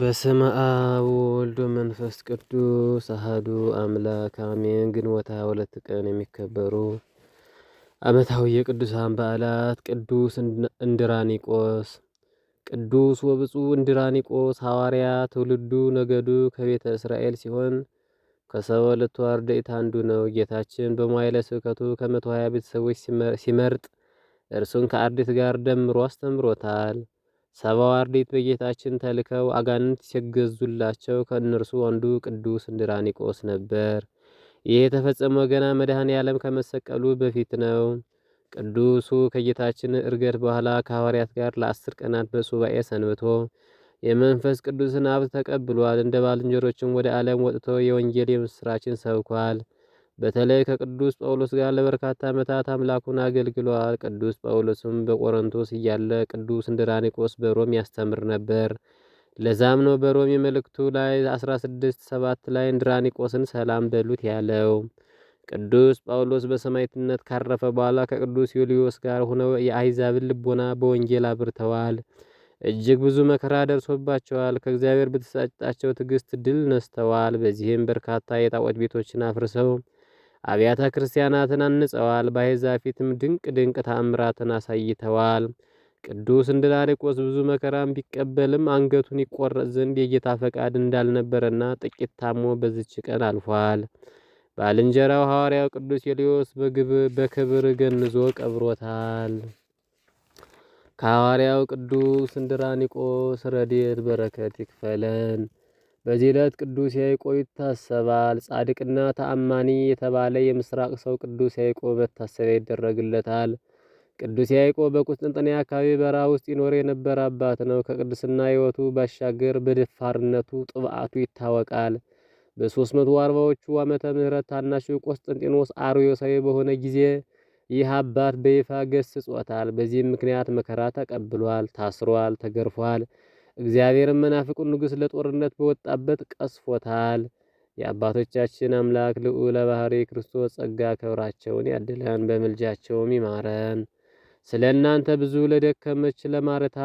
በስመ አብ ወወልድ ወመንፈስ ቅዱስ አሐዱ አምላክ አሜን። ግንቦት ሁለት ቀን የሚከበሩ ዓመታዊ የቅዱሳን በዓላት ቅዱስ እንድራኒቆስ ቅዱስ ወብፁዕ እንድራኒቆስ ሐዋርያ ትውልዱ ነገዱ ከቤተ እስራኤል ሲሆን ከሰባ ሁለቱ አርድእት አንዱ ነው። ጌታችን በመዋዕለ ስብከቱ ከመቶ ሀያ ቤተሰቦች ሲመርጥ እርሱን ከአርድእት ጋር ደምሮ አስተምሮታል። ሰባው አርድእት በጌታችን ተልከው አጋንንት ሲገዙላቸው ከእነርሱ አንዱ ቅዱስ እንድራኒቆስ ነበር። ይህ የተፈጸመው ገና መድኃኔ ዓለም ከመሰቀሉ በፊት ነው። ቅዱሱ ከጌታችን እርገት በኋላ ከሐዋርያት ጋር ለአስር ቀናት በሱባኤ ሰንብቶ የመንፈስ ቅዱስን ሀብት ተቀብሏል። እንደ ባልንጀሮችም ወደ ዓለም ወጥቶ የወንጌል የምስራችን ሰብኳል። በተለይ ከቅዱስ ጳውሎስ ጋር ለበርካታ ዓመታት አምላኩን አገልግሏል። ቅዱስ ጳውሎስም በቆሮንቶስ እያለ ቅዱስ እንድራኒቆስ በሮም ያስተምር ነበር። ለዛም ነው በሮም የመልእክቱ ላይ 16 7 ላይ እንድራኒቆስን ሰላም በሉት ያለው። ቅዱስ ጳውሎስ በሰማዕትነት ካረፈ በኋላ ከቅዱስ ዮልዮስ ጋር ሆነው የአይዛብን ልቦና በወንጌል አብርተዋል። እጅግ ብዙ መከራ ደርሶባቸዋል። ከእግዚአብሔር በተሰጣቸው ትዕግስት ድል ነስተዋል። በዚህም በርካታ የጣዖት ቤቶችን አፍርሰው አብያተ ክርስቲያናትን አንጸዋል። በአሕዛብ ፊትም ድንቅ ድንቅ ታምራትን አሳይተዋል። ቅዱስ እንድላሪቆስ ብዙ መከራም ቢቀበልም አንገቱን ይቆረጥ ዘንድ የጌታ ፈቃድ እንዳልነበረና ጥቂት ታሞ በዝች ቀን አልፏል። ባልንጀራው ሐዋርያው ቅዱስ በግብ በክብር ገንዞ ቀብሮታል። ከሐዋርያው ቅዱስ እንድራኒቆስ ረድኤት በረከት ይክፈለን። በዚህ ዕለት ቅዱስ ያዕቆብ ይታሰባል። ጻድቅና ተአማኒ የተባለ የምስራቅ ሰው ቅዱስ ያዕቆብ መታሰቢያ ይደረግለታል። ቅዱስ ያዕቆብ በቁስጥንጥንያ አካባቢ በረሃ ውስጥ ይኖር የነበረ አባት ነው። ከቅድስና ሕይወቱ ባሻገር በደፋርነቱ ጥብዓቱ ይታወቃል። በ340ዎቹ ዓመተ ምህረት ታናሹ ቆስጠንጢኖስ አርዮሳዊ በሆነ ጊዜ ይህ አባት በይፋ ገስጾታል። በዚህም ምክንያት መከራ ተቀብሏል፣ ታስሯል፣ ተገርፏል። እግዚአብሔር መናፍቁን ንጉሥ ለጦርነት በወጣበት ቀስፎታል። የአባቶቻችን አምላክ ልዑለ ለባህሪ ክርስቶስ ጸጋ ክብራቸውን ያድለን፣ በምልጃቸውም ይማረን። ስለ እናንተ ብዙ ለደከመች ለማረታ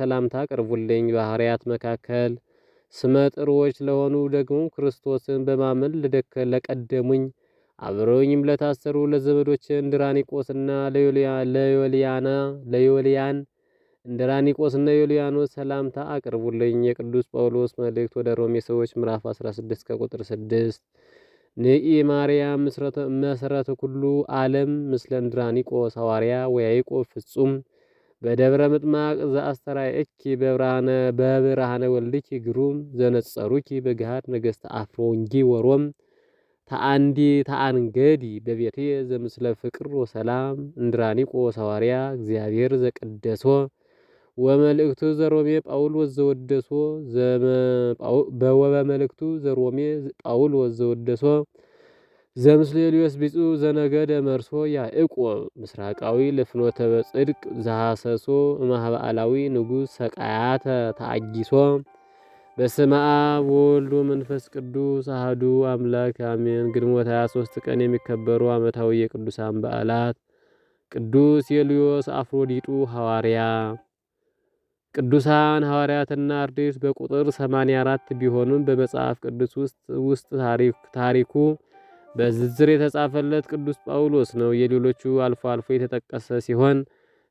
ሰላምታ አቅርቡልኝ። ባህርያት መካከል ስመጥሮች ለሆኑ ደግሞ ክርስቶስን በማመን ለቀደሙኝ አብረውኝም ለታሰሩ ለዘመዶች እንድራኒቆስና ለዮልያና ለዮልያን እንደ እና ዮልያኖስ ሰላምታ አቅርቡልኝ። የቅዱስ ጳውሎስ መልእክት ወደ ሮሜ ሰዎች ምዕራፍ 16 ከቁጥር 6 ንኢ ማርያም መሰረተ ኩሉ ዓለም ምስለ እንድራኒቆስ ሐዋርያ ወያይቆ ፍጹም በደብረ ምጥማቅ ዘአስተራየኪ በብርሃነ በብርሃነ ወልድኪ ግሩም ዘነጸሩኪ በግሃድ ነገሥተ አፍሮ እንጂ ወሮም ተአንዲ ተአንገዲ በቤቴ ዘምስለ ፍቅር ወሰላም እንድራኒቆስ ሐዋርያ እግዚአብሔር ዘቀደሶ ወመልእክቱ ዘሮሜ ጳውሎስ ዘወደሶ መልእክቱ ዘሮሜ ጳውሎስ ዘወደሶ ዘምስሉ ኤልዮስ ቢጹ ዘነገደ መርሶ ያዕቆብ ምስራቃዊ ለፍኖተ በጽድቅ ዘሐሰሶ ማህበዓላዊ ንጉሥ ሰቃያተ ተአጊሶ በስመ አብ ወወልድ ወመንፈስ ቅዱስ አህዱ አምላክ አሜን። ግንቦት 23 ቀን የሚከበሩ ዓመታዊ የቅዱሳን በዓላት፦ ቅዱስ ኤልዮስ አፍሮዲጡ ሐዋርያ ቅዱሳን ሐዋርያትና አርድእት በቁጥር 84 ቢሆኑም በመጽሐፍ ቅዱስ ውስጥ ታሪኩ በዝርዝር የተጻፈለት ቅዱስ ጳውሎስ ነው። የሌሎቹ አልፎ አልፎ የተጠቀሰ ሲሆን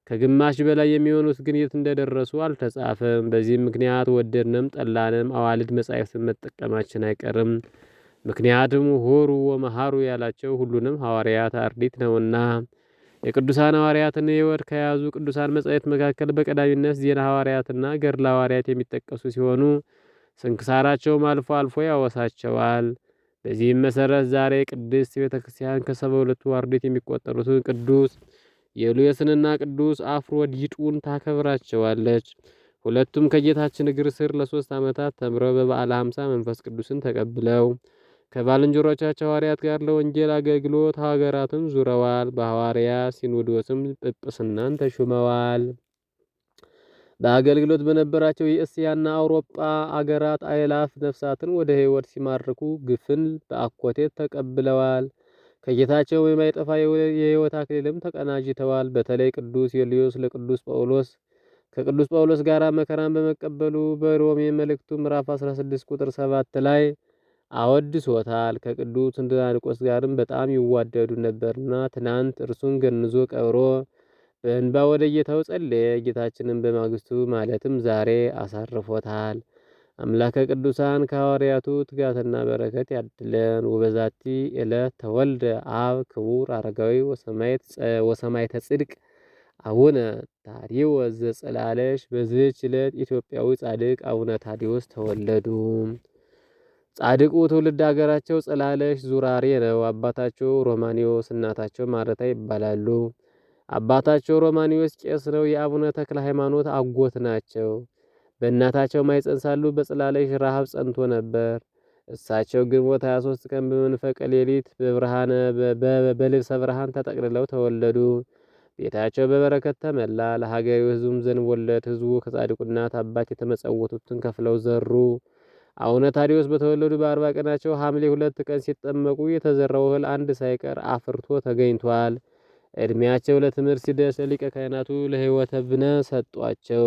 ከግማሽ በላይ የሚሆኑት ግን የት እንደደረሱ አልተጻፈም። በዚህም ምክንያት ወደድንም ጠላንም አዋልድ መጻሕፍትን መጠቀማችን አይቀርም። ምክንያቱም ሆሩ ወመሃሩ ያላቸው ሁሉንም ሐዋርያት አርድእት ነውና። የቅዱሳን ሐዋርያትን ሕይወት ከያዙ ቅዱሳን መጻሕፍት መካከል በቀዳሚነት ዜና ሐዋርያትና ገድለ ሐዋርያት የሚጠቀሱ ሲሆኑ ስንክሳራቸውም አልፎ አልፎ ያወሳቸዋል። በዚህም መሰረት ዛሬ ቅድስት ቤተ ክርስቲያን ከሰባ ሁለቱ አርድእት የሚቆጠሩትን ቅዱስ የሉየስንና ቅዱስ አፍሮዲጡን ታከብራቸዋለች። ሁለቱም ከጌታችን እግር ስር ለሶስት ዓመታት ተምረው በበዓለ ሀምሳ መንፈስ ቅዱስን ተቀብለው ከባልንጀሮቻቸው ሐዋርያት ጋር ለወንጌል አገልግሎት ሀገራትን ዙረዋል። በሐዋርያ ሲኖዶስም ጵጵስናን ተሹመዋል። በአገልግሎት በነበራቸው የእስያና አውሮፓ አገራት አይላፍ ነፍሳትን ወደ ሕይወት ሲማርኩ ግፍን በአኮቴት ተቀብለዋል። ከጌታቸው የማይጠፋ የሕይወት አክሊልም ተቀናጅተዋል። በተለይ ቅዱስ የልዮስ ለቅዱስ ጳውሎስ ከቅዱስ ጳውሎስ ጋር መከራን በመቀበሉ በሮሜ መልእክቱ ምዕራፍ 16 ቁጥር 7 ላይ አወድሶታል። ከቅዱስ እንድናልቆስ ጋርም በጣም ይዋደዱ ነበርና ትናንት እርሱን ገንዞ ቀብሮ በእንባ ወደ ጌታው ጸለየ። ጌታችንም በማግስቱ ማለትም ዛሬ አሳርፎታል። አምላከ ቅዱሳን ከሐዋርያቱ ትጋትና በረከት ያድለን። ወበዛቲ ዕለት ተወልደ አብ ክቡር አረጋዊ ወሰማይተ ጽድቅ አቡነ ታዲዮስ ዘጽላለሽ። በዚህች ዕለት ኢትዮጵያዊ ጻድቅ አቡነ ታዲዎስ ተወለዱ። ጻድቁ ትውልድ ሀገራቸው ጽላለሽ ዙራሬ ነው። አባታቸው ሮማኒዮስ እናታቸው ማረታ ይባላሉ። አባታቸው ሮማኒዎስ ቄስ ነው። የአቡነ ተክለ ሃይማኖት አጎት ናቸው። በእናታቸው ማኅፀን ሳሉ በጽላለሽ ረሃብ ጸንቶ ነበር። እሳቸው ግንቦት 23 ቀን በመንፈቀ ሌሊት በብርሃነ በልብሰ ብርሃን ተጠቅልለው ተወለዱ። ቤታቸው በበረከት ተመላ። ለሀገሪው ሕዝቡም ዘንድ ወለድ ሕዝቡ ከጻድቁ እናት አባት የተመጸወቱትን ከፍለው ዘሩ። አቡነ ታዲዮስ በተወለዱ በአርባ ቀናቸው ሐምሌ ሁለት ቀን ሲጠመቁ የተዘራው እህል አንድ ሳይቀር አፍርቶ ተገኝቷል። እድሜያቸው ለትምህርት ሲደርስ ሊቀ ካህናቱ ለሕይወተ ብነ ሰጧቸው።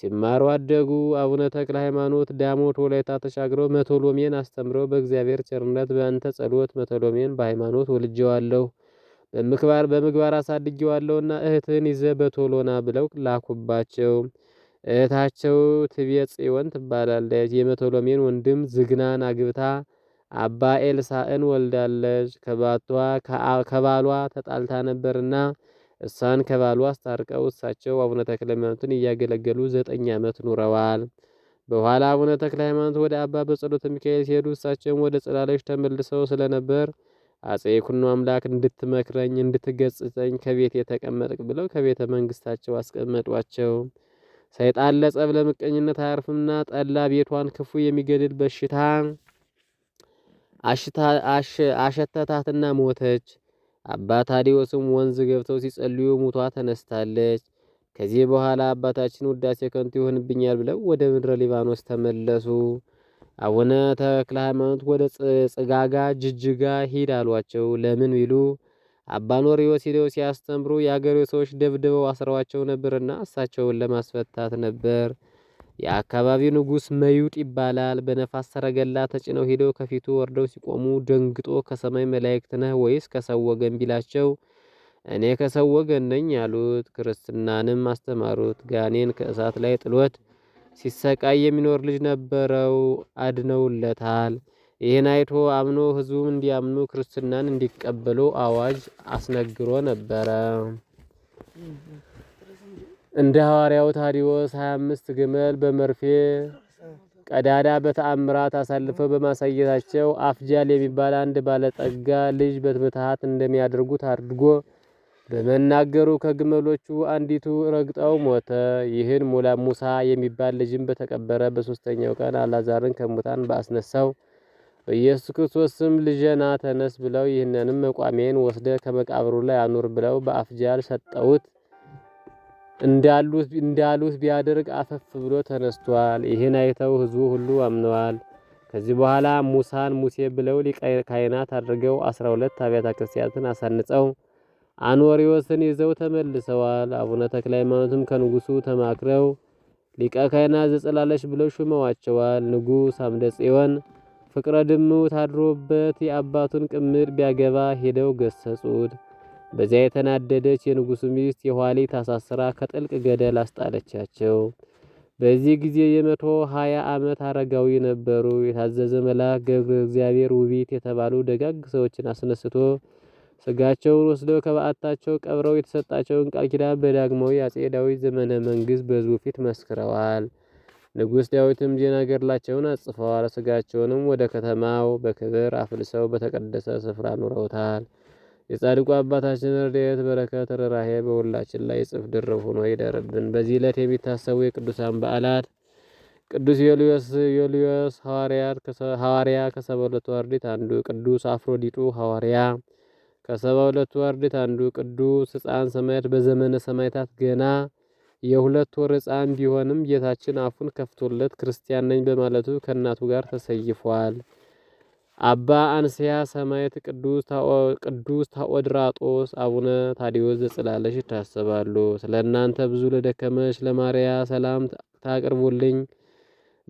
ሲማሩ አደጉ። አቡነ ተክለ ሃይማኖት ዳሞት ወላይታ ተሻግረው መቶሎሜን አስተምረው በእግዚአብሔር ቸርነት በእንተ ጸሎት መቶሎሜን በሃይማኖት ወልጀዋለሁ በምግባር አሳድጌዋለሁና እህትህን ይዘ በቶሎና ብለው ላኩባቸው። እህታቸው ትቤ ጽዮን ትባላለች። የመቶሎሜን ወንድም ዝግናን አግብታ አባ ኤልሳእን ወልዳለች። ከባሏ ተጣልታ ነበርና እሳን ከባሏ አስታርቀው እሳቸው አቡነ ተክለ ሃይማኖትን እያገለገሉ ዘጠኝ ዓመት ኑረዋል። በኋላ አቡነ ተክለ ሃይማኖት ወደ አባ በጸሎተ ሚካኤል ሲሄዱ እሳቸውም ወደ ጽላለች ተመልሰው ስለነበር አጼ ይኩኖ አምላክ እንድትመክረኝ እንድትገጽጠኝ ከቤት የተቀመጥቅ ብለው ከቤተ መንግስታቸው አስቀመጧቸው። ሰይጣን ለጸብ ለምቀኝነት አያርፍምና ጠላ ቤቷን ክፉ የሚገድል በሽታ አሸተታትና ሞተች። አባ ታዲዮስም ወንዝ ገብተው ሲጸልዩ ሙቷ ተነስታለች። ከዚህ በኋላ አባታችን ውዳሴ ከንቱ ይሆንብኛል ብለው ወደ ምድረ ሊባኖስ ተመለሱ። አቡነ ተክለ ሃይማኖት ወደ ጽጋጋ ጅጅጋ ሂድ አሏቸው። ለምን ቢሉ አባኖር ሄደው ሲያስተምሩ የአገሪ ሰዎች ደብድበው አስረዋቸው ነበርና እሳቸውን ለማስፈታት ነበር። የአካባቢው ንጉሥ መዩጥ ይባላል። በነፋስ ሰረገላ ተጭነው ሄደው ከፊቱ ወርደው ሲቆሙ ደንግጦ ከሰማይ መላእክት ነህ ወይስ ከሰው ወገን ቢላቸው እኔ ከሰው ወገን ነኝ ያሉት። ክርስትናንም አስተማሩት። ጋኔን ከእሳት ላይ ጥሎት ሲሰቃይ የሚኖር ልጅ ነበረው፣ አድነውለታል። ይህን አይቶ አምኖ ህዝቡም እንዲያምኑ ክርስትናን እንዲቀበሉ አዋጅ አስነግሮ ነበረ። እንደ ሐዋርያው ታዲዎስ 25 ግመል በመርፌ ቀዳዳ በተአምራት አሳልፈው በማሳየታቸው አፍጃል የሚባል አንድ ባለጠጋ ልጅ በምትሃት እንደሚያደርጉት አድርጎ በመናገሩ ከግመሎቹ አንዲቱ ረግጠው ሞተ። ይህን ሙላ ሙሳ የሚባል ልጅም በተቀበረ በሶስተኛው ቀን አላዛርን ከሙታን በአስነሳው በኢየሱስ ክርስቶስ ስም ልጄና ተነስ ብለው ይህንንም መቋሚያን ወስደ ከመቃብሩ ላይ አኑር ብለው በአፍጃል ሰጠውት። እንዳሉት ቢያደርግ አፈፍ ብሎ ተነስቷል። ይህን አይተው ህዝቡ ሁሉ አምነዋል። ከዚህ በኋላ ሙሳን ሙሴ ብለው ሊቀ ካህናት አድርገው አስራ አብያተ ክርስቲያናትን አሳንጸው አኖሪዎስን ይዘው ተመልሰዋል። አቡነ ተክለ ሃይማኖትም ከንጉሱ ተማክረው ሊቀ ካህናት ዘጸላለሽ ብለው ሹመዋቸዋል። ንጉሥ አምደ ጽዮን ፍቅረ ድምት ታድሮበት የአባቱን ቅምር ቢያገባ ሄደው ገሰጹት። በዚያ የተናደደች የንጉሱ ሚስት የኋሊት አሳስራ ከጥልቅ ገደል አስጣለቻቸው። በዚህ ጊዜ የመቶ ሀያ ዓመት አረጋዊ ነበሩ። የታዘዘ መልአክ ገብረ እግዚአብሔር ውቢት የተባሉ ደጋግ ሰዎችን አስነስቶ ስጋቸውን ወስደው ከበዓታቸው ቀብረው የተሰጣቸውን ቃል ኪዳን በዳግማዊ አጼ ዳዊት ዘመነ መንግስት በሕዝቡ ፊት መስክረዋል። ንጉሥ ዳዊትም ዜና ገድላቸውን አጽፈዋል። ስጋቸውንም ወደ ከተማው በክብር አፍልሰው በተቀደሰ ስፍራ ኑረውታል። የጻድቁ አባታችን ረድኤት በረከት፣ ርኅራኄ በሁላችን ላይ ጽፍ ድርብ ሆኖ ይደርብን። በዚህ ዕለት የሚታሰቡ የቅዱሳን በዓላት ቅዱስ ዮልዮስ ሐዋርያ ከሰባ ሁለቱ አርድእት አንዱ፣ ቅዱስ አፍሮዲጡ ሐዋርያ ከሰባ ሁለቱ አርድእት አንዱ፣ ቅዱስ ሕፃን ሰማያት በዘመነ ሰማይታት ገና የሁለት ወር ሕፃን ቢሆንም ጌታችን አፉን ከፍቶለት ክርስቲያን ነኝ በማለቱ ከእናቱ ጋር ተሰይፏል። አባ አንስያ ሰማዕት ቅዱስ ታኦድራጦስ አቡነ ታዲዮስ ዘጽላለሽ ይታሰባሉ። ስለ እናንተ ብዙ ለደከመች ለማርያ ሰላም ታቅርቡልኝ።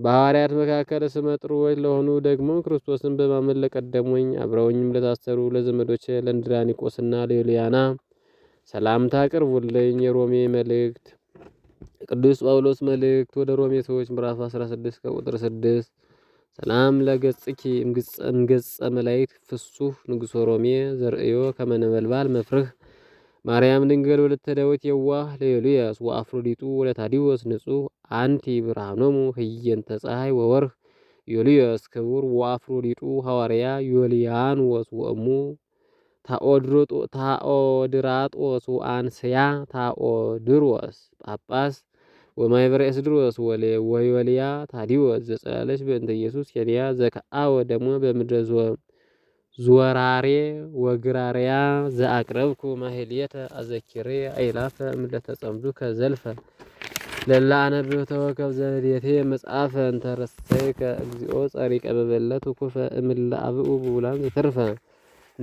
በሐዋርያት መካከል ስመ ጥሩዎች ለሆኑ ደግሞ ክርስቶስን በማመን ለቀደሙኝ አብረውኝም ለታሰሩ ለዘመዶች ለእንድራኒቆስና ለዩልያና ሰላምታ አቅርቡልኝ። የሮሜ መልእክት ቅዱስ ጳውሎስ መልእክት ወደ ሮሜ ሰዎች ምዕራፍ 16 ከቁጥር 6 ሰላም ለገጽኪ እምገጸ መላእክት ፍሱህ ንጉሶ ሮሜ ዘርእዮ ከመነበልባል መፍርህ ማርያም ድንግል ወለተ ዳዊት የዋህ ለኤልያስ ወአፍሮዲጡ ወለታዲዎስ ንጹህ አንቲ ብርሃኖሙ ህየንተ ፀሐይ ወወርህ ዮልዮስ ክቡር ወአፍሮዲጡ ሐዋርያ ዮልያኖስ ወእሙ ታኦድራጦስ አንስያ ታኦድሮስ ጳጳስ ወማይበረ እስድሮስ ወሌ ወይ ወልያ ታዲዎስ ዘጸላለች በእንተ ኢየሱስ ኬንያ ዘከአወ ደግሞ በምድረ ዝወራሬ ወግራሪያ ዘአቅረብኩ ማህልየተ አዘኪሬ አይላፈ ምለተ ጸምዱ ከዘልፈ ለላ አነብብ ተወከብ ዘዴቴ መጽሐፈ እንተረሰይከ እግዚኦ ጸሪቀ በበለት ኩፈ እምላ አብኡ ብውላን ዘተርፈ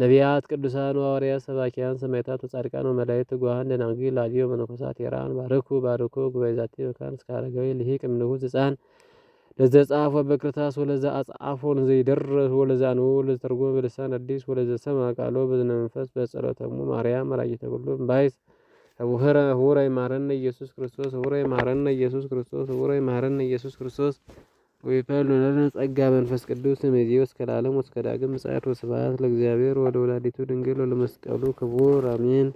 ነቢያት፣ ቅዱሳን፣ ሐዋርያት፣ ሰባኪያን፣ ሰማዕታት፣ ጻድቃን ወመላእክት፣ ትጉሃን ደናግል፣ አብዮ መነኮሳት፣ ሄራን ባርኩ ባርኩ ጉባኤዛቲ መካን እስከ አረጋዊ ልሂቅ እምንጉስ ሕፃን ለዘ ጻፎ በክርታስ ወለዘ አጻፎ አጻፎን ወለዘ ወለዛኑ ለተርጎ በልሳን አዲስ ወለዘ ሰማ ቃሎ በዝነ መንፈስ በጸሎተሙ ማርያም መራየተ ኩሉ ባይስ ህቡረ ህቡረ ይማረነ ኢየሱስ ክርስቶስ ህቡረ ይማረነ ኢየሱስ ክርስቶስ ህቡረ ይማረነ ኢየሱስ ክርስቶስ ወይፈሉን ጸጋ መንፈስ ቅዱስ እምይእዜሰ እስከ ለዓለም ወእስከ ዳግም ምጽአት ወስብሐት ለእግዚአብሔር ወለወላዲቱ ድንግል ወለመስቀሉ ክቡር አሜን።